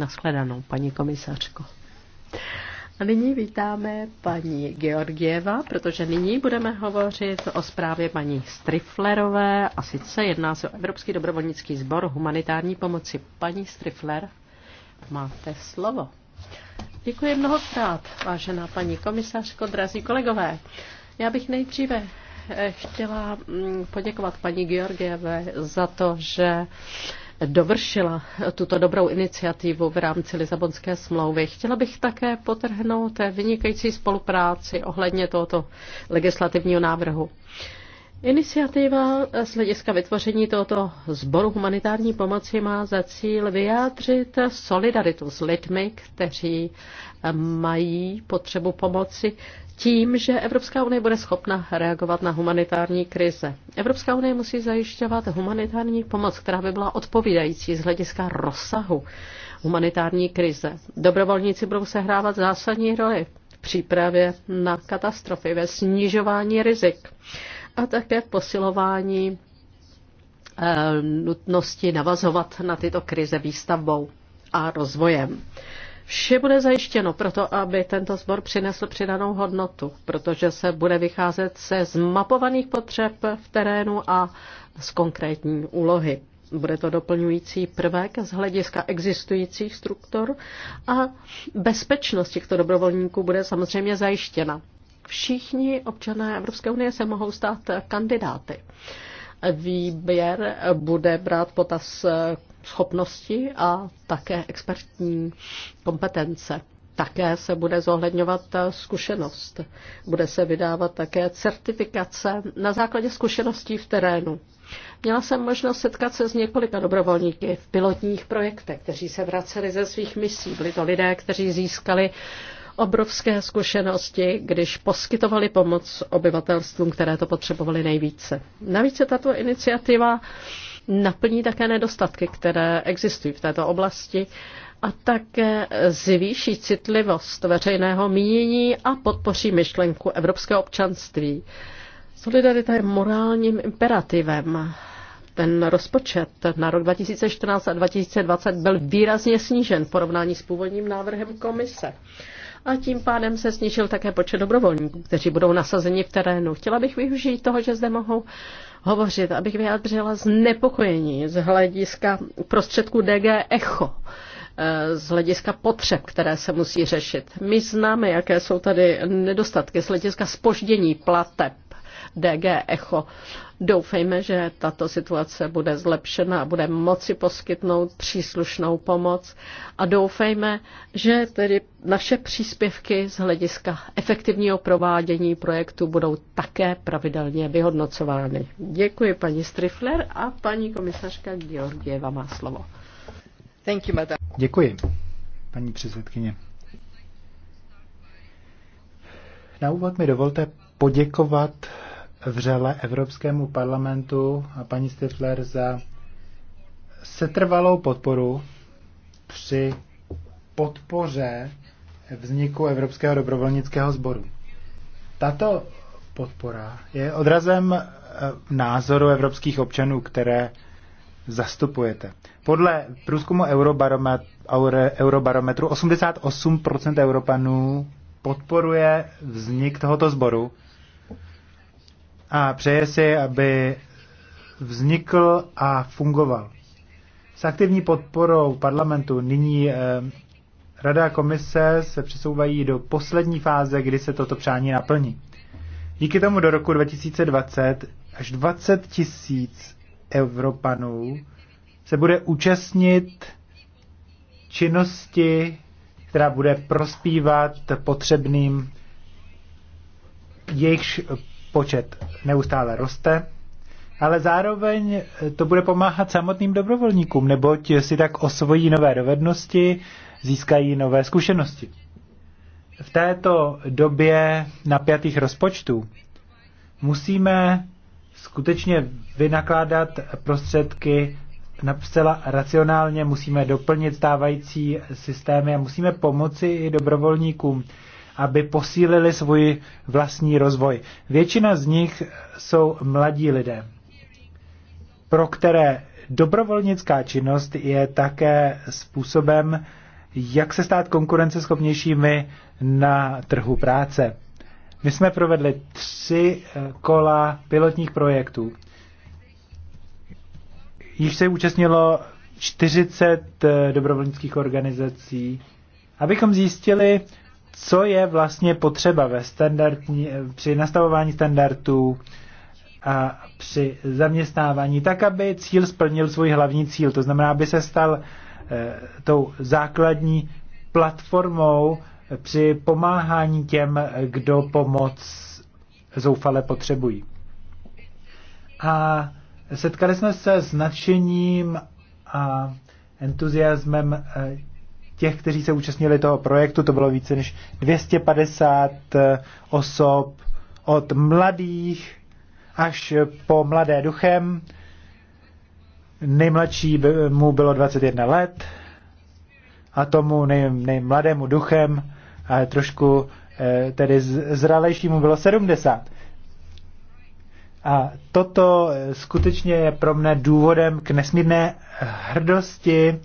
Naschledanou, paní komisařko. A nyní vítáme paní Georgieva, protože nyní budeme hovořit o zprávě paní Striflerové a sice jedná se o Evropský dobrovolnický sbor humanitární pomoci. Paní Strifler, máte slovo. Děkuji mnohokrát, vážená paní komisařko, drazí kolegové. Já bych nejdříve eh, chtěla mm, poděkovat paní Georgieve za to, že dovršila tuto dobrou iniciativu v rámci Lisabonské smlouvy. Chtěla bych také potrhnout vynikající spolupráci ohledně tohoto legislativního návrhu. Iniciativa z hlediska vytvoření tohoto sboru humanitární pomoci má za cíl vyjádřit solidaritu s lidmi, kteří mají potřebu pomoci tím, že Evropská unie bude schopna reagovat na humanitární krize. Evropská unie musí zajišťovat humanitární pomoc, která by byla odpovídající z hlediska rozsahu humanitární krize. Dobrovolníci budou sehrávat zásadní roli v přípravě na katastrofy, ve snižování rizik a také v posilování eh, nutnosti navazovat na tyto krize výstavbou a rozvojem. Vše bude zajištěno proto, aby tento sbor přinesl přidanou hodnotu, protože se bude vycházet se zmapovaných potřeb v terénu a z konkrétní úlohy. Bude to doplňující prvek z hlediska existujících struktur a bezpečnost těchto dobrovolníků bude samozřejmě zajištěna. Všichni občané Evropské unie se mohou stát kandidáty výběr bude brát potaz schopnosti a také expertní kompetence. Také se bude zohledňovat zkušenost. Bude se vydávat také certifikace na základě zkušeností v terénu. Měla jsem možnost setkat se s několika dobrovolníky v pilotních projektech, kteří se vraceli ze svých misí. Byli to lidé, kteří získali obrovské zkušenosti, když poskytovali pomoc obyvatelstvům, které to potřebovali nejvíce. Navíc je tato iniciativa naplní také nedostatky, které existují v této oblasti a také zvýší citlivost veřejného mínění a podpoří myšlenku evropského občanství. Solidarita je morálním imperativem. Ten rozpočet na rok 2014 a 2020 byl výrazně snížen v porovnání s původním návrhem komise. A tím pádem se snížil také počet dobrovolníků, kteří budou nasazeni v terénu. Chtěla bych využít toho, že zde mohou hovořit, abych vyjádřila znepokojení z hlediska prostředku DG Echo eh, z hlediska potřeb, které se musí řešit. My známe, jaké jsou tady nedostatky z hlediska spoždění plateb DG Echo. Doufejme, že tato situace bude zlepšena a bude moci poskytnout příslušnou pomoc a doufejme, že tedy naše příspěvky z hlediska efektivního provádění projektu budou také pravidelně vyhodnocovány. Děkuji paní Strifler a paní komisařka Georgieva má slovo. Thank you, madam. Děkuji, paní předsedkyně. Na úvod mi dovolte poděkovat vřele Evropskému parlamentu a paní Stifler za setrvalou podporu při podpoře vzniku Evropského dobrovolnického sboru. Tato podpora je odrazem e, názoru evropských občanů, které zastupujete. Podle průzkumu Eurobarometru 88% Evropanů podporuje vznik tohoto sboru a přeje si, aby vznikl a fungoval. S aktivní podporou parlamentu nyní eh, Rada a komise se přesouvají do poslední fáze, kdy se toto přání naplní. Díky tomu do roku 2020 až 20 tisíc Evropanů se bude účastnit činnosti, která bude prospívat potřebným, jejich počet neustále roste, ale zároveň to bude pomáhat samotným dobrovolníkům, neboť si tak osvojí nové dovednosti, získají nové zkušenosti. V této době napjatých rozpočtů musíme skutečně vynakládat prostředky zcela racionálně, musíme doplnit stávající systémy a musíme pomoci i dobrovolníkům, aby posílili svůj vlastní rozvoj. Většina z nich jsou mladí lidé, pro které dobrovolnická činnost je také způsobem, jak se stát konkurenceschopnějšími na trhu práce. My jsme provedli tři eh, kola pilotních projektů. Již se účastnilo 40 eh, dobrovolnických organizací, abychom zjistili, co je vlastně potřeba ve standardní, při nastavování standardů a při zaměstnávání, tak aby cíl splnil svůj hlavní cíl. To znamená, aby se stal eh, tou základní platformou eh, při pomáhání těm, kdo pomoc zoufale potřebují. A setkali jsme se s nadšením a entuziasmem eh, těch, kteří se účastnili toho projektu, to bylo více než 250 eh, osob od mladých až po mladé duchem. Nejmladší mu bylo 21 let a tomu nej, nejmladému duchem a trošku eh, tedy zralejšímu bylo 70. A toto eh, skutečně je pro mne důvodem k nesmírné hrdosti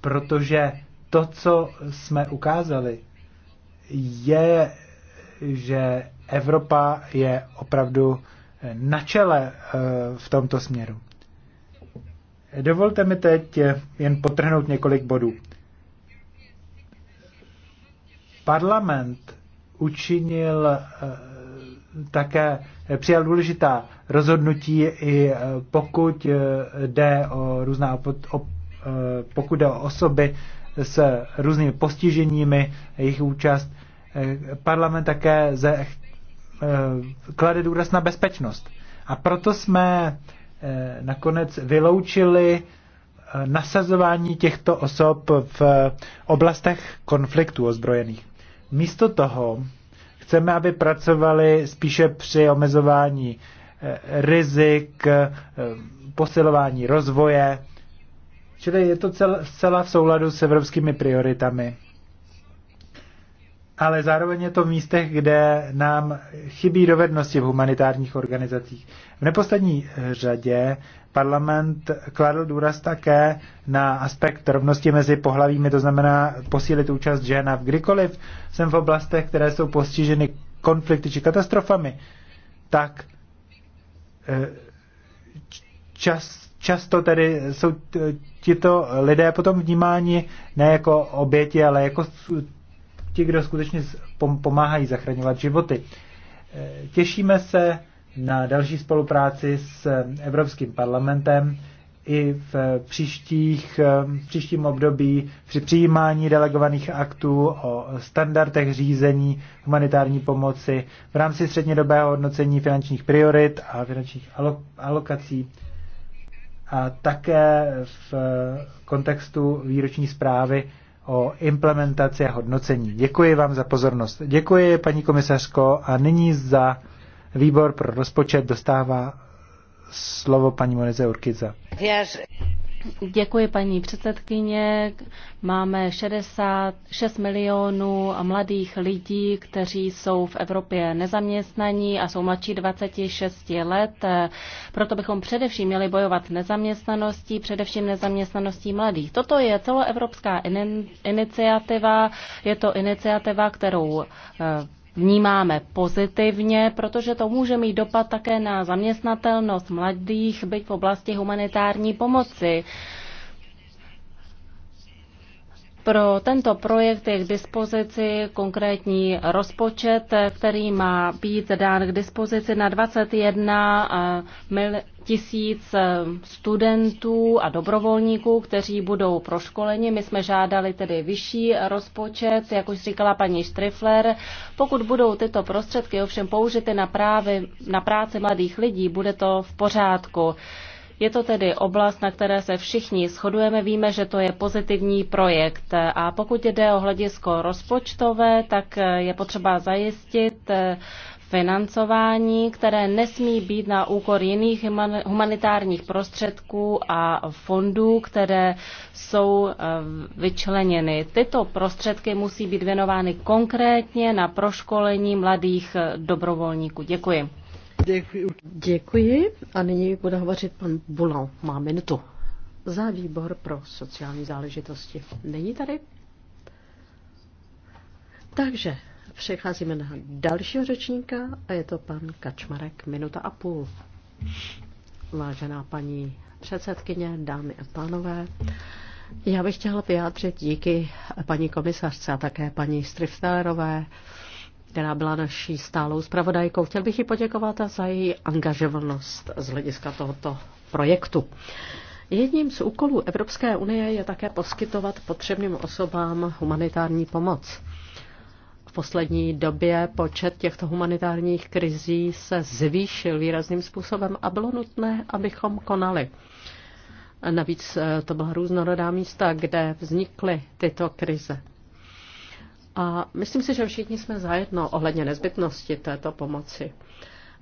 protože to, co jsme ukázali, je, že Evropa je opravdu na čele eh, v tomto směru. Dovolte mi teď jen potrhnout několik bodů. Parlament učinil eh, také eh, přijal důležitá rozhodnutí, i pokud jde o různá Eh, pokud jde o osoby s různými postiženími, jejich účast. Eh, parlament také ze, eh, klade důraz na bezpečnost. A proto jsme nakonec vyloučili nasazování těchto osob v oblastech konfliktů ozbrojených. Místo toho chceme, aby pracovali spíše při omezování rizik, posilování rozvoje, Čili je to cel, zcela v souladu s evropskými prioritami. Ale zároveň je to v místech, kde nám chybí dovednosti v humanitárních organizacích. V neposlední řadě parlament kladl důraz také na aspekt rovnosti mezi pohlavími, to znamená posílit účast žen a kdykoliv jsem v oblastech, které jsou postiženy konflikty či katastrofami, tak eh, čas často tedy jsou tito lidé potom vnímáni ne jako oběti, ale jako ti, kdo skutečně pomáhají zachraňovat životy. E, těšíme se na další spolupráci s Evropským parlamentem i v příštích, e, příštím období při přijímání delegovaných aktů o standardech řízení humanitární pomoci v rámci střednědobého hodnocení finančních priorit a finančních alokací a také v eh, kontextu výroční zprávy o implementaci a hodnocení. Děkuji vám za pozornost. Děkuji, paní komisařko, a nyní za výbor pro rozpočet dostává slovo paní Monize Urkiza. Děkuji, paní předsedkyně. Máme 66 milionů mladých lidí, kteří jsou v Evropě nezaměstnaní a jsou mladší 26 let. Proto bychom především měli bojovat nezaměstnaností, především nezaměstnaností mladých. Toto je celoevropská iniciativa. Je to iniciativa, kterou eh, vnímáme pozitivně, protože to může mít dopad také na zaměstnatelnost mladých, byť v oblasti humanitární pomoci. Pro tento projekt je k dispozici konkrétní rozpočet, který má být dán k dispozici na 21 eh, mil tisíc eh, studentů a dobrovolníků, kteří budou proškoleni. My jsme žádali tedy vyšší rozpočet, jak už říkala paní Štrifler. Pokud budou tyto prostředky ovšem použity na, právě, na práci mladých lidí, bude to v pořádku. Je to tedy oblast, na které se všichni shodujeme, víme, že to je pozitivní projekt. A pokud jde o hledisko rozpočtové, tak eh, je potřeba zajistit eh, financování, které nesmí být na úkor jiných humanitárních prostředků a fondů, které jsou eh, vyčleněny. Tyto prostředky musí být věnovány konkrétně na proškolení mladých dobrovolníků. Děkuji. Děkuji. Děkuji a nyní bude hovořit pan Bulan. Má minutu. Za výbor pro sociální záležitosti. Není tady? Takže přecházíme na dalšího řečníka a je to pan Kačmarek, minuta a půl. Vážená paní předsedkyně, dámy a pánové, já bych chtěla vyjádřit díky paní komisařce a také paní Striftelerové, která byla naší stálou zpravodajkou. Chtěl bych ji poděkovat za její angažovanost z hlediska tohoto projektu. Jedním z úkolů Evropské unie je také poskytovat potřebným osobám humanitární pomoc. V poslední době počet těchto humanitárních krizí se zvýšil výrazným způsobem a bylo nutné, abychom konali. Navíc eh, to byla různorodá místa, kde vznikly tyto krize. A myslím si, že všichni jsme zajedno ohledně nezbytnosti této pomoci.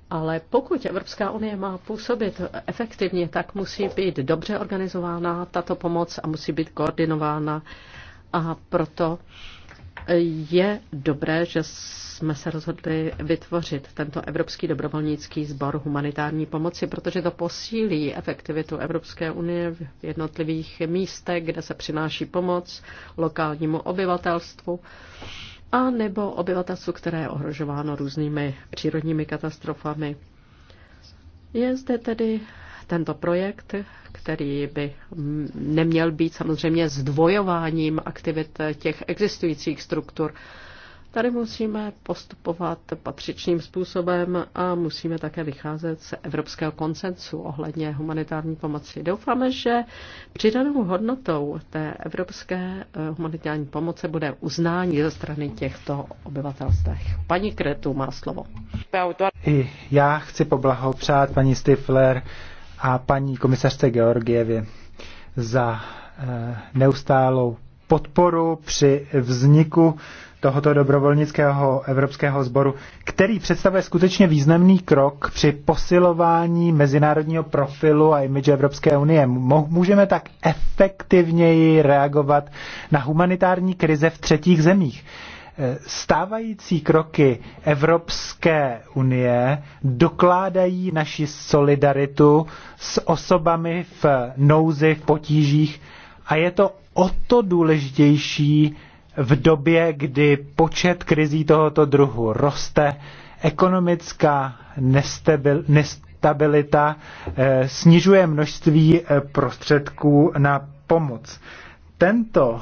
Ale pokud Evropská unie má působit efektivně, tak musí být dobře organizována tato pomoc a musí být koordinována. A proto je dobré, že jsme se rozhodli vytvořit tento Evropský dobrovolnický sbor humanitární pomoci, protože to posílí efektivitu Evropské unie v jednotlivých místech, kde se přináší pomoc lokálnímu obyvatelstvu a nebo obyvatelstvu, které je ohrožováno různými přírodními katastrofami. Je zde tedy tento projekt, který by neměl být samozřejmě zdvojováním aktivit těch existujících struktur. Tady musíme postupovat patřičným způsobem a musíme také vycházet z evropského koncensu ohledně humanitární pomoci. Doufáme, že přidanou hodnotou té evropské eh, humanitární pomoci bude uznání ze strany těchto obyvatelstev. Paní Kretu má slovo. I já chci poblahopřát paní Stifler a paní komisařce Georgievi za eh, neustálou podporu při vzniku tohoto dobrovolnického evropského sboru, který představuje skutečně významný krok při posilování mezinárodního profilu a imidže Evropské unie. Můžeme tak efektivněji reagovat na humanitární krize v třetích zemích. Eh, stávající kroky Evropské unie dokládají naši solidaritu s osobami v nouzi, v potížích a je to o to důležitější v době, kdy počet krizí tohoto druhu roste, ekonomická nestabil, nestabilita eh, snižuje množství eh, prostředků na pomoc. Tento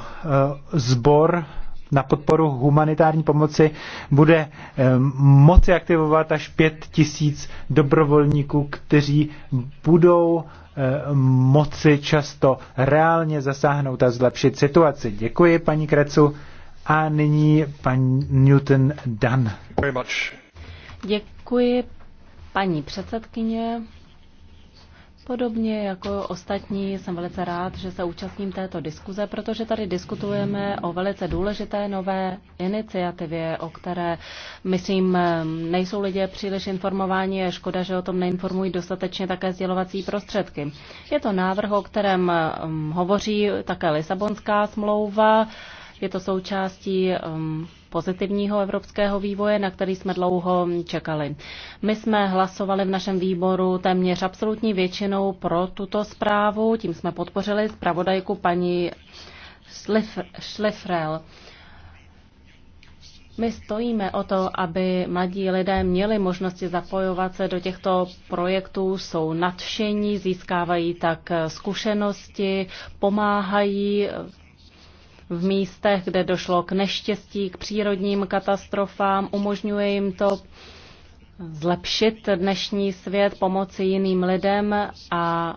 sbor na podporu humanitární pomoci bude eh, moci aktivovat až pět tisíc dobrovolníků, kteří budou eh, moci často reálně zasáhnout a zlepšit situaci. Děkuji paní Krecu a nyní pan Newton Dunn. Děkuji paní předsedkyně. Podobně jako ostatní jsem velice rád, že se účastním této diskuze, protože tady diskutujeme o velice důležité nové iniciativě, o které, myslím, nejsou lidé příliš informováni a škoda, že o tom neinformují dostatečně také sdělovací prostředky. Je to návrh, o kterém hm, hovoří také Lisabonská smlouva, je to součástí um, pozitivního evropského vývoje, na který jsme dlouho čekali. My jsme hlasovali v našem výboru téměř absolutní většinou pro tuto zprávu, tím jsme podpořili zpravodajku paní Šlifrel. My stojíme o to, aby mladí lidé měli možnosti zapojovat se do těchto projektů, jsou nadšení, získávají tak zkušenosti, pomáhají v místech, kde došlo k neštěstí, k přírodním katastrofám. Umožňuje jim to zlepšit dnešní svět pomoci jiným lidem a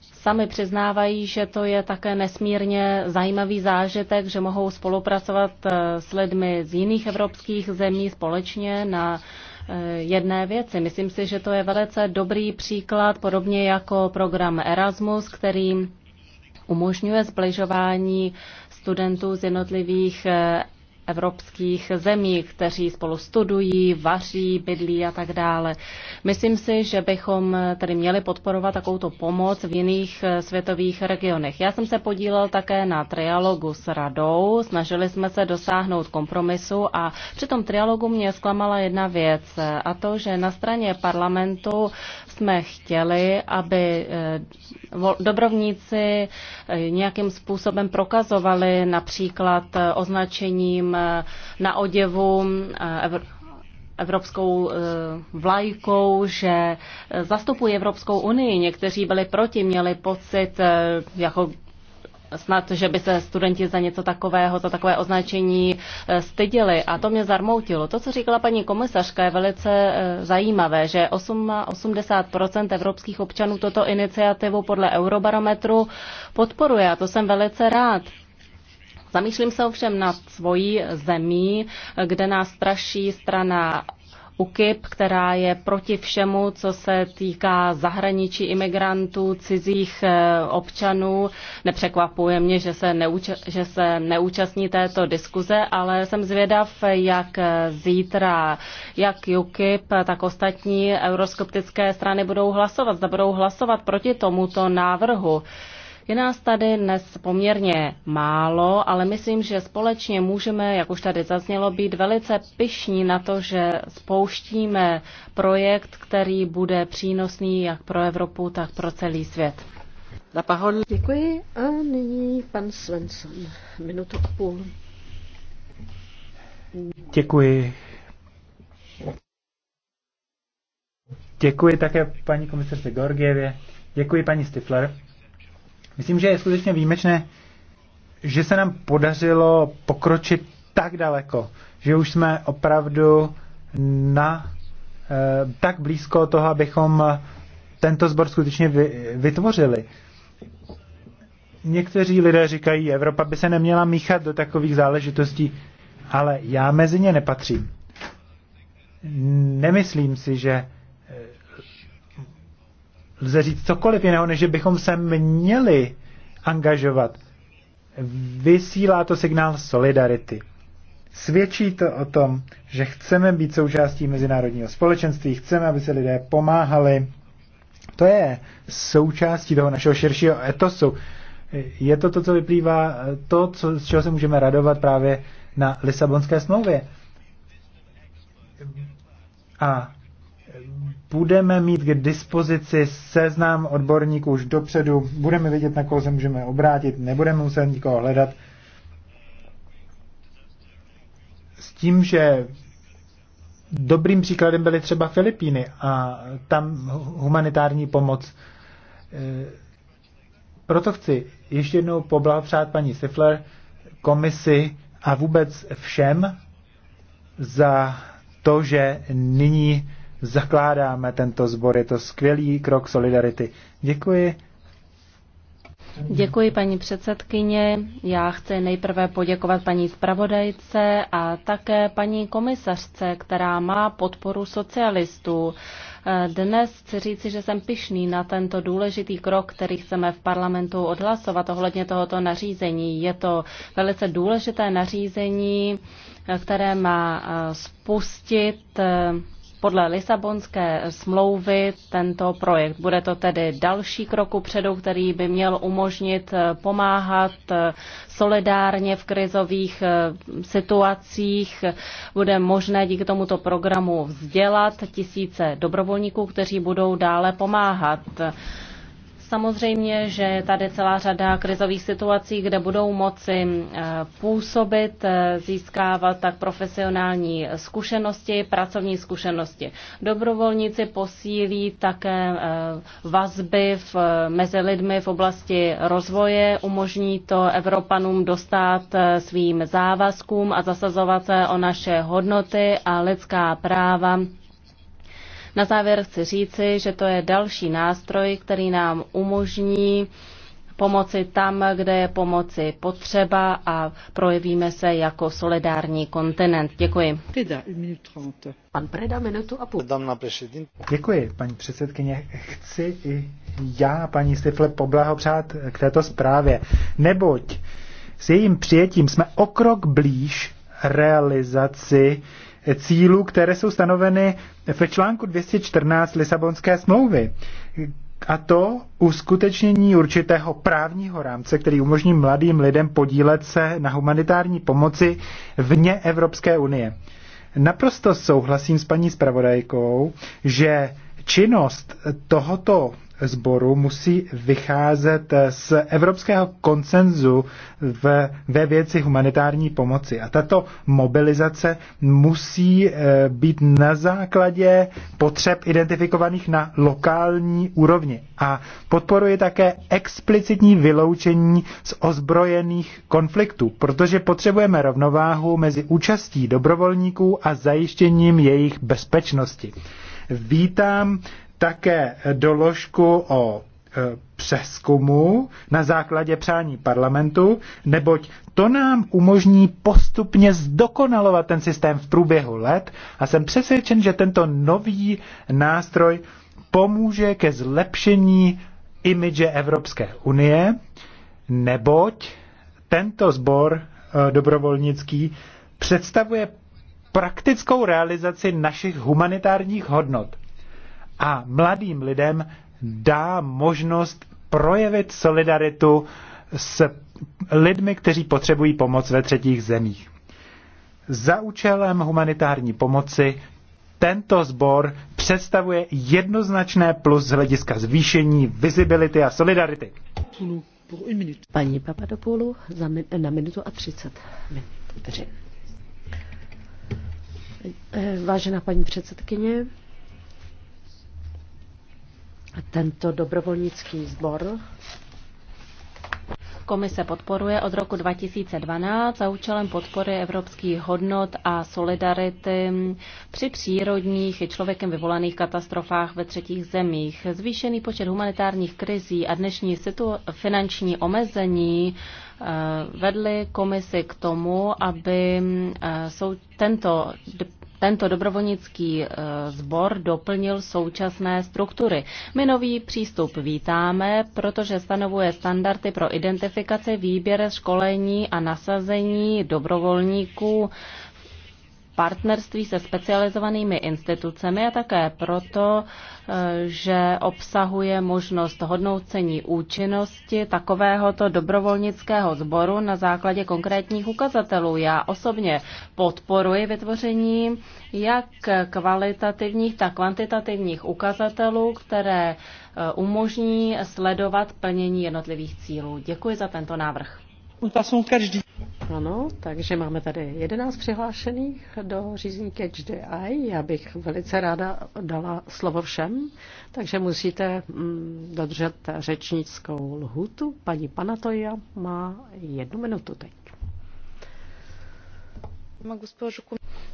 sami přiznávají, že to je také nesmírně zajímavý zážitek, že mohou spolupracovat eh, s lidmi z jiných evropských zemí společně na eh, jedné věci. Myslím si, že to je velice dobrý příklad, podobně jako program Erasmus, který umožňuje zbližování studentů z jednotlivých eh, evropských zemí, kteří spolu studují, vaří, bydlí a tak dále. Myslím si, že bychom tedy měli podporovat takovouto pomoc v jiných eh, světových regionech. Já jsem se podílel také na trialogu s radou, snažili jsme se dosáhnout kompromisu a při tom trialogu mě zklamala jedna věc a to, že na straně parlamentu jsme chtěli, aby eh, dobrovníci eh, nějakým způsobem prokazovali například označením Eh, na oděvu eh, evropskou eh, vlajkou, že zastupují Evropskou unii. Někteří byli proti, měli pocit, jako snad, že by se studenti za něco takového, za takové označení styděli. A to mě zarmoutilo. To, co říkala paní komisařka, je velice zajímavé, že 80% evropských občanů toto iniciativu podle Eurobarometru podporuje. A to jsem velice rád. Zamýšlím se ovšem nad svojí zemí, kde nás straší strana UKIP, která je proti všemu, co se týká zahraničí imigrantů, cizích eh, občanů. Nepřekvapuje mě, že se, neúča- že se neúčastní této diskuze, ale jsem zvědav, jak zítra, jak UKIP, tak ostatní euroskeptické strany budou hlasovat. Zda budou hlasovat proti tomuto návrhu. Je nás tady dnes poměrně málo, ale myslím, že společně můžeme, jak už tady zaznělo, být velice pyšní na to, že spouštíme projekt, který bude přínosný jak pro Evropu, tak pro celý svět. Děkuji a nyní pan Svensson. Minutu a půl. Děkuji. Děkuji také paní komisarce Georgievě. Děkuji paní Stifler Myslím, že je skutečně výjimečné, že se nám podařilo pokročit tak daleko, že už jsme opravdu na e, tak blízko toho, abychom tento sbor skutečně vy, vytvořili. Někteří lidé říkají, Evropa by se neměla míchat do takových záležitostí, ale já mezi ně nepatřím. Nemyslím si, že lze říct cokoliv jiného, než že bychom se měli angažovat. Vysílá to signál solidarity. Svědčí to o tom, že chceme být součástí mezinárodního společenství, chceme, aby se lidé pomáhali. To je součástí toho našeho širšího etosu. Je to to, co vyplývá, to, co, z čeho se můžeme radovat právě na Lisabonské smlouvě. A budeme mít k dispozici seznam odborníků už dopředu, budeme vědět, na koho se můžeme obrátit, nebudeme muset nikoho hledat. S tím, že dobrým příkladem byly třeba Filipíny a tam humanitární pomoc. E, proto chci ještě jednou poblahopřát paní Sifler, komisi a vůbec všem za to, že nyní zakládáme tento sbor. Je to skvělý krok solidarity. Děkuji. Děkuji paní předsedkyně. Já chci nejprve poděkovat paní zpravodajce a také paní komisařce, která má podporu socialistů. Dnes chci říci, že jsem pišný na tento důležitý krok, který chceme v parlamentu odhlasovat ohledně tohoto nařízení. Je to velice důležité nařízení, které má spustit podle Lisabonské smlouvy tento projekt. Bude to tedy další kroku předu, který by měl umožnit eh, pomáhat eh, solidárně v krizových eh, situacích. Bude možné díky tomuto programu vzdělat tisíce dobrovolníků, kteří budou dále pomáhat. Samozřejmě, že je tady celá řada krizových situací, kde budou moci eh, působit, eh, získávat tak profesionální zkušenosti, pracovní zkušenosti. Dobrovolníci posílí také eh, vazby v, mezi lidmi v oblasti rozvoje, umožní to Evropanům dostat svým závazkům a zasazovat se o naše hodnoty a lidská práva na závěr chci říci, že to je další nástroj, který nám umožní pomoci tam, kde je pomoci potřeba a projevíme se jako solidární kontinent. Děkuji. Pan Preda, minutu a půl. Děkuji, paní předsedkyně. Chci i já, paní Stifle, poblahopřát k této zprávě, neboť s jejím přijetím jsme o krok blíž realizaci cílů, které jsou stanoveny ve článku 214 Lisabonské smlouvy. A to uskutečnění určitého právního rámce, který umožní mladým lidem podílet se na humanitární pomoci vně Evropské unie. Naprosto souhlasím s paní zpravodajkou, že činnost tohoto sboru musí vycházet z evropského koncenzu v, ve věci humanitární pomoci. A tato mobilizace musí eh, být na základě potřeb identifikovaných na lokální úrovni. A podporuje také explicitní vyloučení z ozbrojených konfliktů, protože potřebujeme rovnováhu mezi účastí dobrovolníků a zajištěním jejich bezpečnosti. Vítám také doložku o e, přeskumu na základě přání parlamentu, neboť to nám umožní postupně zdokonalovat ten systém v průběhu let a jsem přesvědčen, že tento nový nástroj pomůže ke zlepšení imidže Evropské unie, neboť tento sbor e, dobrovolnický představuje praktickou realizaci našich humanitárních hodnot a mladým lidem dá možnost projevit solidaritu s lidmi, kteří potřebují pomoc ve třetích zemích. Za účelem humanitární pomoci tento sbor představuje jednoznačné plus z hlediska zvýšení visibility a solidarity. Paní Papadopoulu za min, na minutu a 30 minut. Eh, vážená paní předsedkyně, tento dobrovolnický sbor Komise podporuje od roku 2012 za účelem podpory evropských hodnot a solidarity při přírodních i člověkem vyvolaných katastrofách ve třetích zemích. Zvýšený počet humanitárních krizí a dnešní finanční omezení eh, vedly komisi k tomu, aby eh, tento tento dobrovolnický eh, sbor doplnil současné struktury. My nový přístup vítáme, protože stanovuje standardy pro identifikaci, výběr, školení a nasazení dobrovolníků partnerství se specializovanými institucemi a také proto, eh, že obsahuje možnost hodnocení účinnosti takovéhoto dobrovolnického sboru na základě konkrétních ukazatelů. Já osobně podporuji vytvoření jak kvalitativních, tak kvantitativních ukazatelů, které eh, umožní sledovat plnění jednotlivých cílů. Děkuji za tento návrh. Ano, takže máme tady 11 přihlášených do řízení Catch the Eye. Já bych velice ráda dala slovo všem, takže musíte mm, dodržet řečnickou lhutu. Paní Panatoja má jednu minutu teď.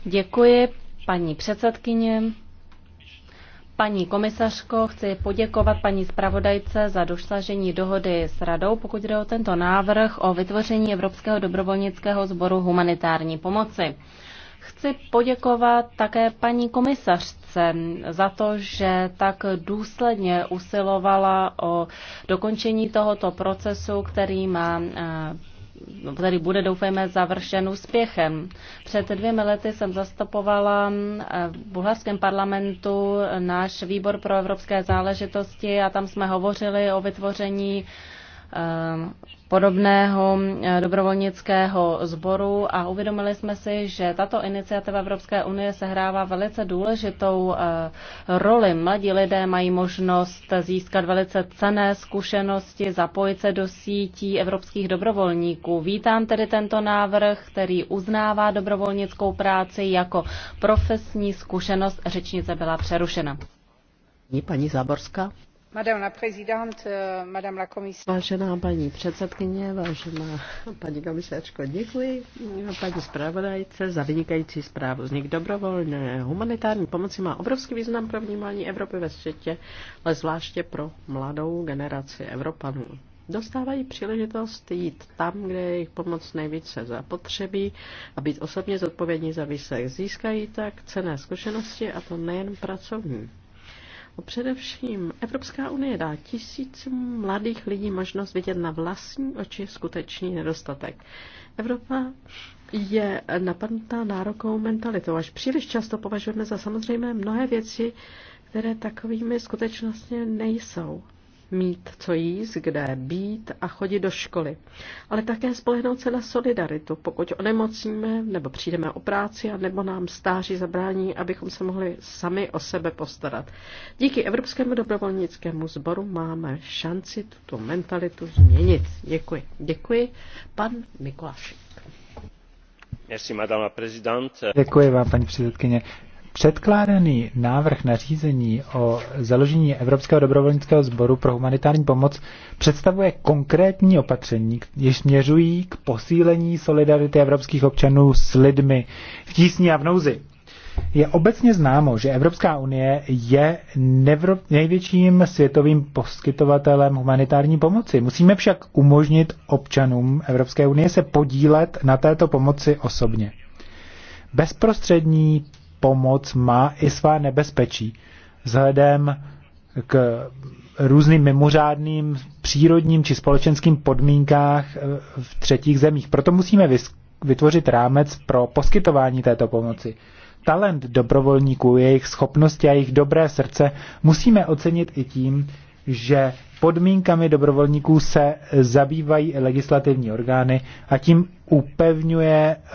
Děkuji, paní předsedkyně, Paní komisařko, chci poděkovat paní zpravodajce za dosažení dohody s radou, pokud jde o tento návrh o vytvoření Evropského dobrovolnického sboru humanitární pomoci. Chci poděkovat také paní komisařce za to, že tak důsledně usilovala o dokončení tohoto procesu, který má eh, který bude, doufejme, završen úspěchem. Před dvěmi lety jsem zastupovala eh, v bulharském parlamentu náš výbor pro evropské záležitosti a tam jsme hovořili o vytvoření podobného eh, dobrovolnického sboru a uvědomili jsme si, že tato iniciativa Evropské unie sehrává velice důležitou eh, roli. Mladí lidé mají možnost získat velice cené zkušenosti, zapojit se do sítí evropských dobrovolníků. Vítám tedy tento návrh, který uznává dobrovolnickou práci jako profesní zkušenost. Řečnice byla přerušena. Paní Záborská. Euh, vážená paní předsedkyně, vážená paní komisařko, děkuji paní zpravodajce za vynikající zprávu. Vznik dobrovolné humanitární pomoci má obrovský význam pro vnímání Evropy ve světě, ale zvláště pro mladou generaci Evropanů. Dostávají příležitost jít tam, kde je jejich pomoc nejvíce zapotřebí a být osobně zodpovědní za výsledek. Získají tak cené zkušenosti a to nejen pracovní Především Evropská unie dá tisícům mladých lidí možnost vidět na vlastní oči skutečný nedostatek. Evropa je napadnutá nárokovou mentalitou. Až příliš často považujeme za samozřejmé mnohé věci, které takovými skutečnostně nejsou mít co jíst, kde být a chodit do školy. Ale také spolehnout se na solidaritu, pokud onemocníme nebo přijdeme o práci a nebo nám stáří zabrání, abychom se mohli sami o sebe postarat. Díky Evropskému dobrovolnickému sboru máme šanci tuto mentalitu změnit. Děkuji. Děkuji. Pan Mikulášek. Děkuji vám, paní předsedkyně. Předkládaný návrh nařízení o založení Evropského dobrovolnického sboru pro humanitární pomoc představuje konkrétní opatření, jež směřují k posílení solidarity evropských občanů s lidmi v tísni a v nouzi. Je obecně známo, že Evropská unie je největším světovým poskytovatelem humanitární pomoci. Musíme však umožnit občanům Evropské unie se podílet na této pomoci osobně. Bezprostřední pomoc má i svá nebezpečí. Vzhledem k různým mimořádným přírodním či společenským podmínkách eh, v třetích zemích. Proto musíme vytvořit rámec pro poskytování této pomoci. Talent dobrovolníků, jejich schopnosti a jejich dobré srdce musíme ocenit i tím, že podmínkami dobrovolníků se zabývají legislativní orgány a tím upevňuje eh,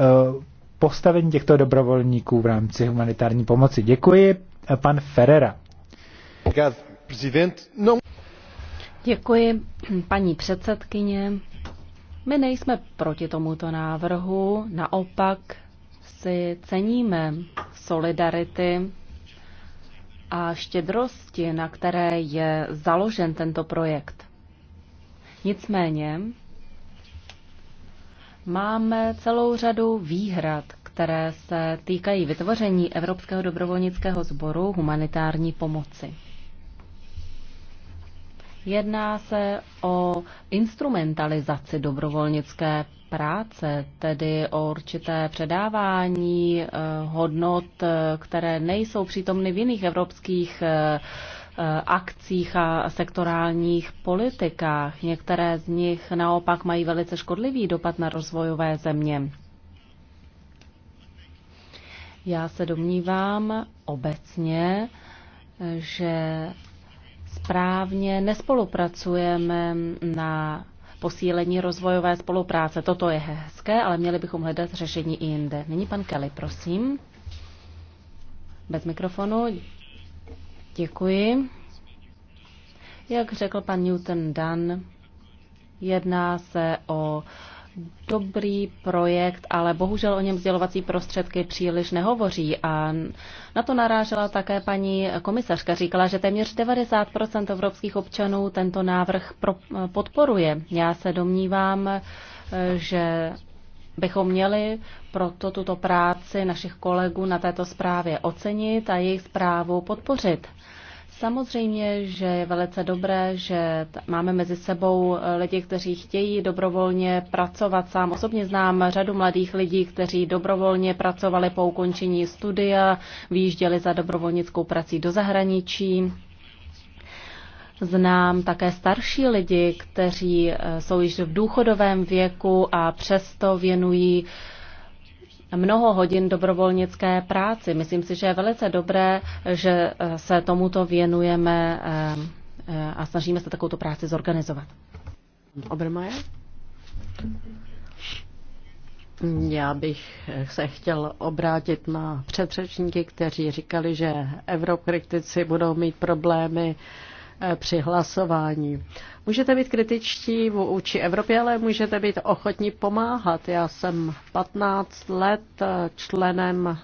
postavení těchto dobrovolníků v rámci humanitární pomoci. Děkuji, pan Ferrera. Děkuji, paní předsedkyně. My nejsme proti tomuto návrhu, naopak si ceníme solidarity a štědrosti, na které je založen tento projekt. Nicméně Máme celou řadu výhrad, které se týkají vytvoření Evropského dobrovolnického sboru humanitární pomoci. Jedná se o instrumentalizaci dobrovolnické práce, tedy o určité předávání eh, hodnot, eh, které nejsou přítomny v jiných evropských eh, Eh, akcích a sektorálních politikách. Některé z nich naopak mají velice škodlivý dopad na rozvojové země. Já se domnívám obecně, že správně nespolupracujeme na posílení rozvojové spolupráce. Toto je hezké, ale měli bychom hledat řešení i jinde. Nyní pan Kelly, prosím. Bez mikrofonu. Děkuji. Jak řekl pan Newton Dunn, jedná se o dobrý projekt, ale bohužel o něm vzdělovací prostředky příliš nehovoří. A na to narážela také paní komisařka. Říkala, že téměř 90 evropských občanů tento návrh podporuje. Já se domnívám, že bychom měli proto tuto práci našich kolegů na této zprávě ocenit a jejich zprávu podpořit. Samozřejmě, že je velice dobré, že máme mezi sebou lidi, kteří chtějí dobrovolně pracovat. Sám osobně znám řadu mladých lidí, kteří dobrovolně pracovali po ukončení studia, výjížděli za dobrovolnickou prací do zahraničí. Znám také starší lidi, kteří eh, jsou již v důchodovém věku a přesto věnují mnoho hodin dobrovolnické práci. Myslím si, že je velice dobré, že eh, se tomuto věnujeme eh, a snažíme se takovou práci zorganizovat. Obermajer? Já bych se chtěl obrátit na předřečníky, kteří říkali, že eurokritici budou mít problémy Eh, při hlasování. Můžete být kritičtí vůči Evropě, ale můžete být ochotní pomáhat. Já jsem 15 let eh, členem eh,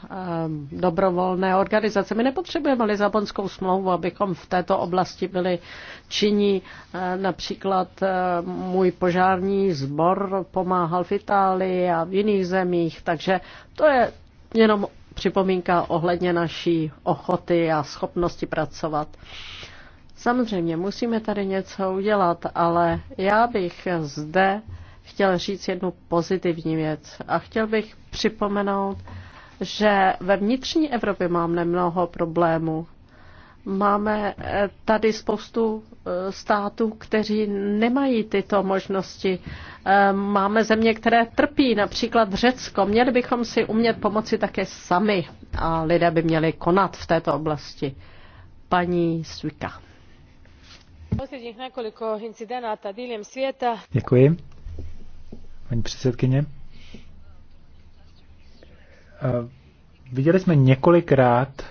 dobrovolné organizace. My nepotřebujeme Lizabonskou smlouvu, abychom v této oblasti byli činní. Například můj požární sbor pomáhal v Itálii a v jiných zemích, takže to je jenom připomínka ohledně naší ochoty a schopnosti pracovat. Samozřejmě musíme tady něco udělat, ale já bych zde chtěl říct jednu pozitivní věc a chtěl bych připomenout, že ve vnitřní Evropě máme mnoho problémů. Máme eh, tady spoustu eh, států, kteří nemají tyto možnosti. Eh, máme země, které trpí, například Řecko. Měli bychom si umět pomoci také sami a lidé by měli konat v této oblasti. Paní Svika posljednjih nekoliko incidenata diljem svijeta. Děkuji. Paní předsedkyně. Viděli jsme několikrát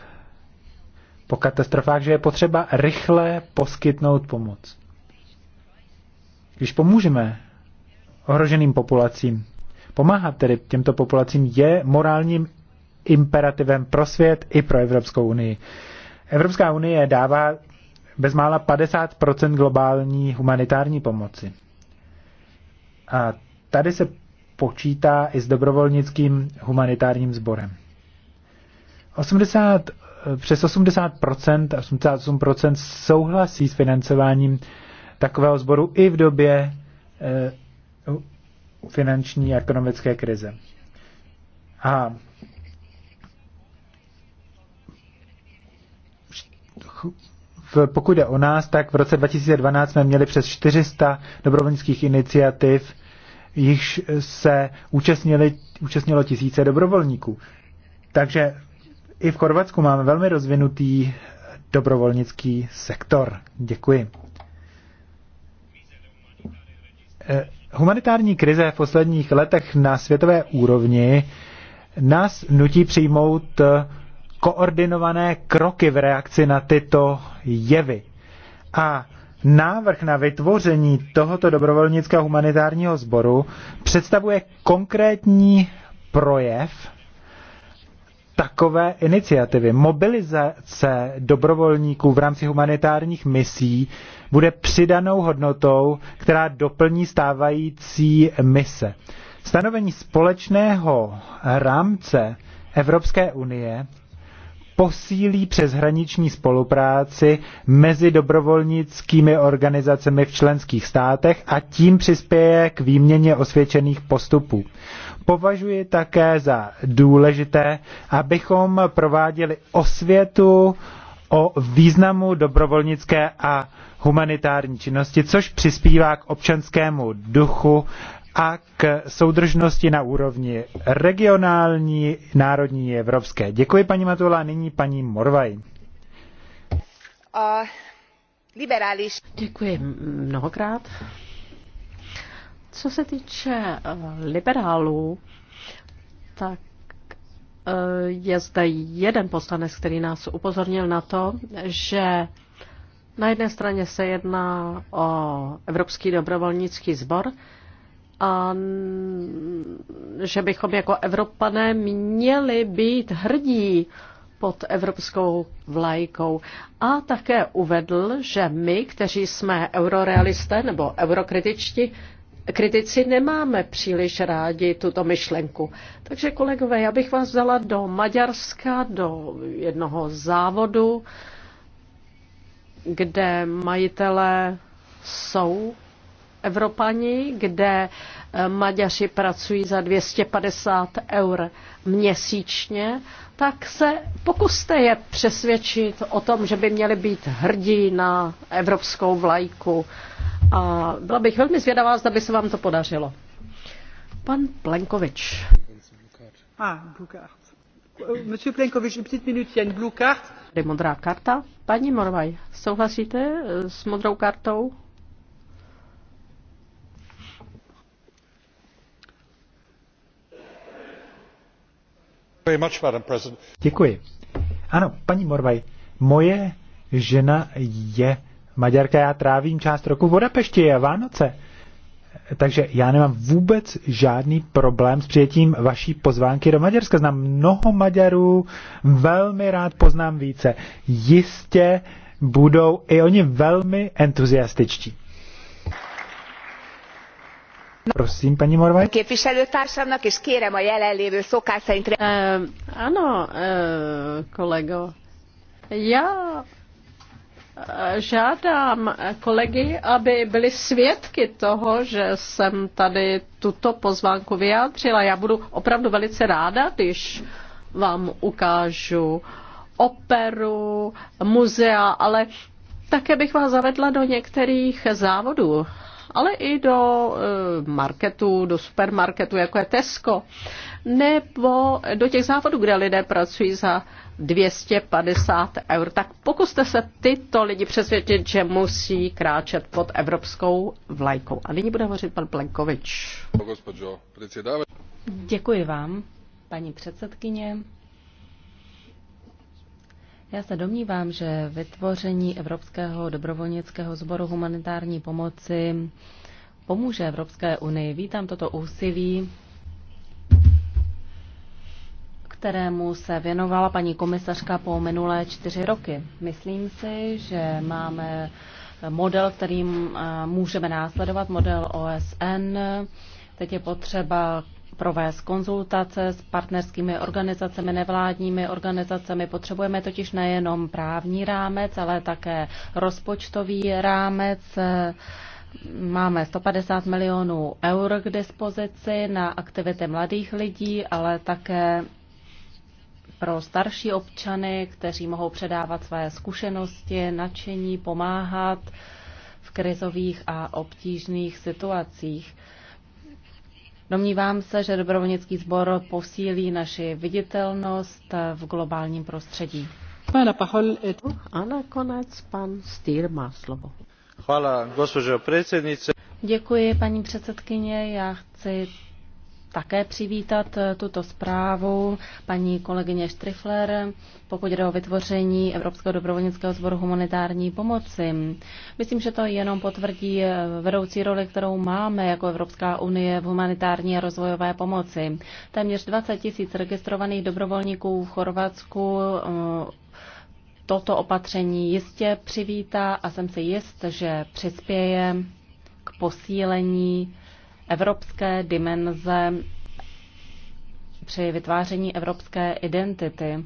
po katastrofách, že je potřeba rychle poskytnout pomoc. Když pomůžeme ohroženým populacím, pomáhat tedy těmto populacím je morálním imperativem pro svět i pro Evropskou unii. Evropská unie dává bezmála 50 globální humanitární pomoci. A tady se počítá i s dobrovolnickým humanitárním sborem. 80, přes 80 88 souhlasí s financováním takového sboru i v době eh, finanční a ekonomické krize. A v, pokud jde o nás, tak v roce 2012 jsme měli přes 400 dobrovolnických iniciativ, jichž se účastnili, účastnilo tisíce dobrovolníků. Takže i v Chorvatsku máme velmi rozvinutý dobrovolnický sektor. Děkuji. Eh, humanitární krize v posledních letech na světové úrovni nás nutí přijmout koordinované kroky v reakci na tyto jevy. A návrh na vytvoření tohoto dobrovolnického humanitárního sboru představuje konkrétní projev takové iniciativy. Mobilizace dobrovolníků v rámci humanitárních misí bude přidanou hodnotou, která doplní stávající mise. Stanovení společného rámce Evropské unie posílí přeshraniční spolupráci mezi dobrovolnickými organizacemi v členských státech a tím přispěje k výměně osvědčených postupů. Považuji také za důležité, abychom prováděli osvětu o významu dobrovolnické a humanitární činnosti, což přispívá k občanskému duchu a k soudržnosti na úrovni regionální, národní i evropské. Děkuji paní Matula, nyní paní Morvaj. A Děkuji mnohokrát. Co se týče eh, liberálů, tak eh, je zde jeden poslanec, který nás upozornil na to, že na jedné straně se jedná o Evropský dobrovolnický sbor, a že bychom jako Evropané měli být hrdí pod evropskou vlajkou. A také uvedl, že my, kteří jsme eurorealisté nebo eurokritičtí, kritici nemáme příliš rádi tuto myšlenku. Takže kolegové, já bych vás vzala do Maďarska, do jednoho závodu, kde majitelé jsou Evropani, kde eh, Maďaři pracují za 250 eur měsíčně, tak se pokuste je přesvědčit o tom, že by měli být hrdí na evropskou vlajku. A byla bych velmi zvědavá, zda by se vám to podařilo. Pan Plenkovič. Ah, blue card. Monsieur Plenkovič, une petite minute, il y a une blue card. Modrá karta. Paní Morvaj, souhlasíte eh, s modrou kartou? Děkuji. Ano, paní Morvaj, moje žena je Maďarka, já trávím část roku v Budapešti a Vánoce. Takže já nemám vůbec žádný problém s přijetím vaší pozvánky do Maďarska. Znám mnoho Maďarů, velmi rád poznám více. Jistě budou i oni velmi entuziastičtí. Prosím, paní Morvaj. Képviselőtársamnak, és kérem a jelenlévő szokás szerint... Uh, ano, uh, kolego. Já eh, žádám kolegy, aby byli svědky toho, že jsem tady tuto pozvánku vyjádřila. Já budu opravdu velice ráda, když vám ukážu operu, muzea, ale také bych vás zavedla do některých závodů ale i do e, marketu, do supermarketu, jako je Tesco, nebo do těch závodů, kde lidé pracují za 250 eur. Tak pokuste se tyto lidi přesvědčit, že musí kráčet pod evropskou vlajkou. A nyní bude hovořit pan Plenkovič. Děkuji vám, paní předsedkyně. Já se domnívám, že vytvoření Evropského dobrovolnického sboru humanitární pomoci pomůže Evropské unii. Vítám toto úsilí, kterému se věnovala paní komisařka po minulé čtyři roky. Myslím si, že máme model, kterým eh, můžeme následovat, model OSN. Teď je potřeba provést konzultace s partnerskými organizacemi, nevládními organizacemi. Potřebujeme totiž nejenom právní rámec, ale také rozpočtový rámec. Máme 150 milionů eur k dispozici na aktivity mladých lidí, ale také pro starší občany, kteří mohou předávat své zkušenosti, nadšení, pomáhat v krizových a obtížných situacích. Domnívám se, že dobrovolnický sbor posílí naši viditelnost v globálním prostředí. Uh, a nakonec pan Stýr má slovo. Děkuji, paní předsedkyně. Já chci také přivítat eh, tuto zprávu paní kolegyně Štrifler, pokud jde o vytvoření Evropského dobrovolnického sboru humanitární pomoci. Myslím, že to jenom potvrdí eh, vedoucí roli, kterou máme jako Evropská unie v humanitární a rozvojové pomoci. Téměř 20 tisíc registrovaných dobrovolníků v Chorvatsku eh, toto opatření jistě přivítá a jsem si jist, že přispěje k posílení evropské dimenze při vytváření evropské identity,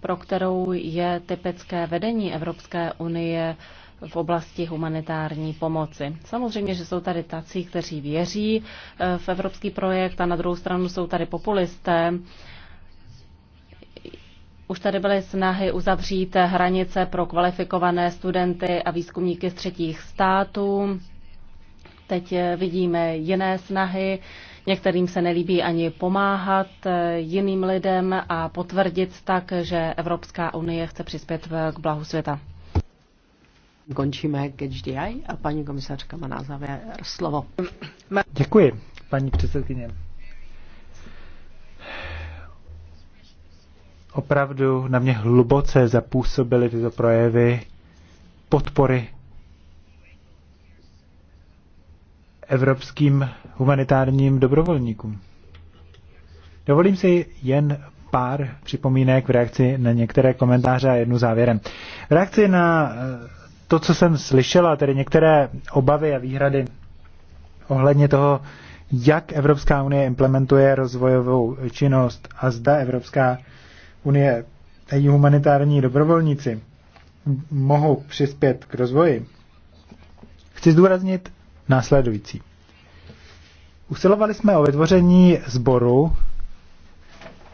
pro kterou je typické vedení Evropské unie v oblasti humanitární pomoci. Samozřejmě, že jsou tady tací, kteří věří eh, v evropský projekt a na druhou stranu jsou tady populisté. Už tady byly snahy uzavřít hranice pro kvalifikované studenty a výzkumníky z třetích států. Teď eh, vidíme jiné snahy, některým se nelíbí ani pomáhat eh, jiným lidem a potvrdit tak, že Evropská unie chce přispět k blahu světa. Končíme HDI a paní komisařka má na závěr slovo. Děkuji, paní předsedkyně. Opravdu na mě hluboce zapůsobily tyto projevy podpory evropským humanitárním dobrovolníkům. Dovolím si jen pár připomínek v reakci na některé komentáře a jednu závěrem. V reakci na eh, to, co jsem slyšela, tedy některé obavy a výhrady ohledně toho, jak Evropská unie implementuje rozvojovou činnost a zda Evropská unie a její humanitární dobrovolníci mohou přispět k rozvoji. Chci zdůraznit následující. Usilovali jsme o vytvoření sboru,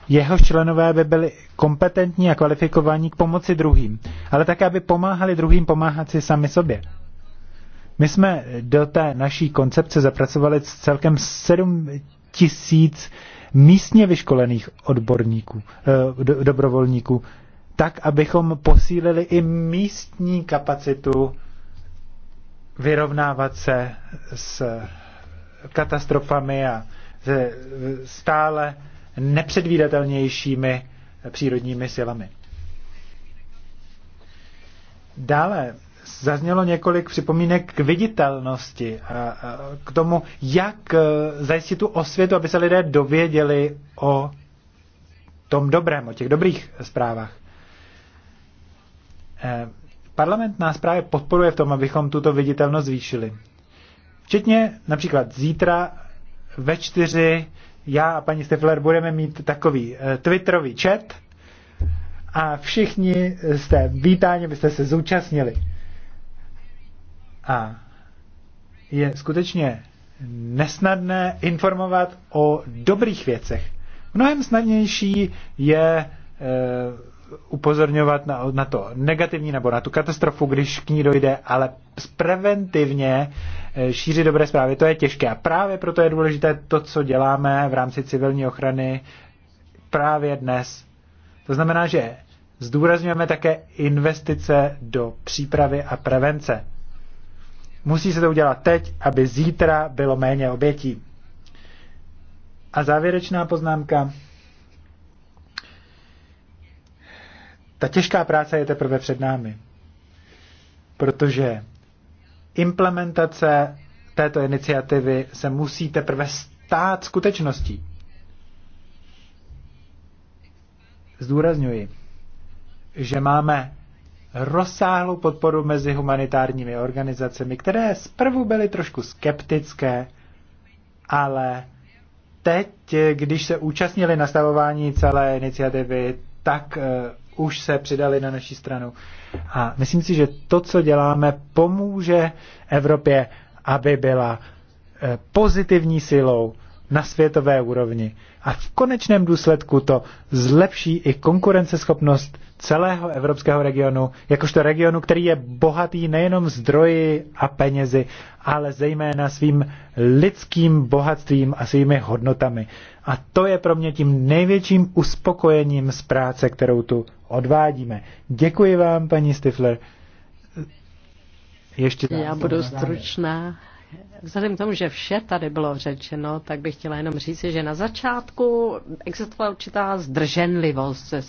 jeho členové by byli kompetentní a kvalifikovaní k pomoci druhým, ale také, aby pomáhali druhým pomáhat si sami sobě. My jsme do té naší koncepce zapracovali celkem 7 tisíc místně vyškolených odborníků, eh, dobrovolníků, tak, abychom posílili i místní kapacitu vyrovnávat se s katastrofami a se stále nepředvídatelnějšími přírodními silami. Dále zaznělo několik připomínek k viditelnosti a k tomu, jak e, zajistit tu osvětu, aby se lidé dověděli o tom dobrém, o těch dobrých zprávách. E, Parlament nás právě podporuje v tom, abychom tuto viditelnost zvýšili. Včetně například zítra ve čtyři já a paní Stifler budeme mít takový eh, twitterový chat a všichni jste vítáni, byste se zúčastnili. A je skutečně nesnadné informovat o dobrých věcech. Mnohem snadnější je eh, upozorňovat na, na to negativní nebo na tu katastrofu, když k ní dojde, ale preventivně eh, šířit dobré zprávy, to je těžké. A právě proto je důležité to, co děláme v rámci civilní ochrany právě dnes. To znamená, že zdůrazňujeme také investice do přípravy a prevence. Musí se to udělat teď, aby zítra bylo méně obětí. A závěrečná poznámka. ta těžká práce je teprve před námi. Protože implementace této iniciativy se musí teprve stát skutečností. Zdůrazňuji, že máme rozsáhlou podporu mezi humanitárními organizacemi, které zprvu byly trošku skeptické, ale teď, když se účastnili nastavování celé iniciativy, tak eh, už se přidali na naší stranu. A myslím si, že to, co děláme, pomůže Evropě, aby byla eh, pozitivní silou na světové úrovni. A v konečném důsledku to zlepší i konkurenceschopnost celého evropského regionu, jakožto regionu, který je bohatý nejenom zdroji a penězi, ale zejména svým lidským bohatstvím a svými hodnotami. A to je pro mě tím největším uspokojením z práce, kterou tu odvádíme. Děkuji vám, paní Stifler. Ještě Já budu stručná. Vzhledem k tomu, že vše tady bylo řečeno, tak bych chtěla jenom říct, že na začátku existovala určitá zdrženlivost se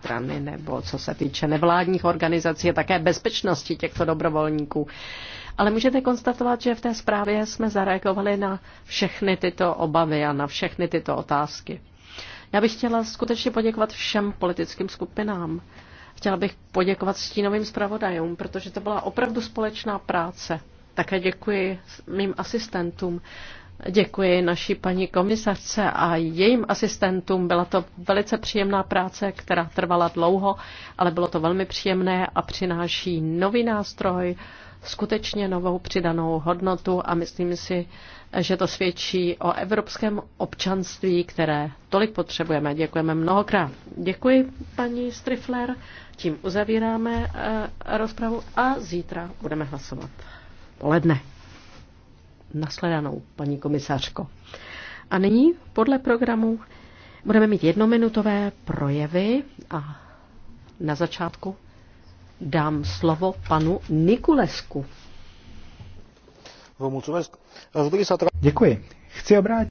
strany nebo co se týče nevládních organizací a také bezpečnosti těchto dobrovolníků. Ale můžete konstatovat, že v té zprávě jsme zareagovali na všechny tyto obavy a na všechny tyto otázky. Já bych chtěla skutečně poděkovat všem politickým skupinám. Chtěla bych poděkovat stínovým zpravodajům, protože to byla opravdu společná práce. Také děkuji mým asistentům. Děkuji naší paní komisařce a jejím asistentům. Byla to velice příjemná práce, která trvala dlouho, ale bylo to velmi příjemné a přináší nový nástroj, skutečně novou přidanou hodnotu a myslím si, že to svědčí o evropském občanství, které tolik potřebujeme. Děkujeme mnohokrát. Děkuji, paní Strifler. Tím uzavíráme eh, rozpravu a zítra budeme hlasovat. Poledne. Nasledanou, paní komisařko. A nyní podle programu budeme mít jednominutové projevy a na začátku dám slovo panu Nikulesku. Děkuji. Chci obrátit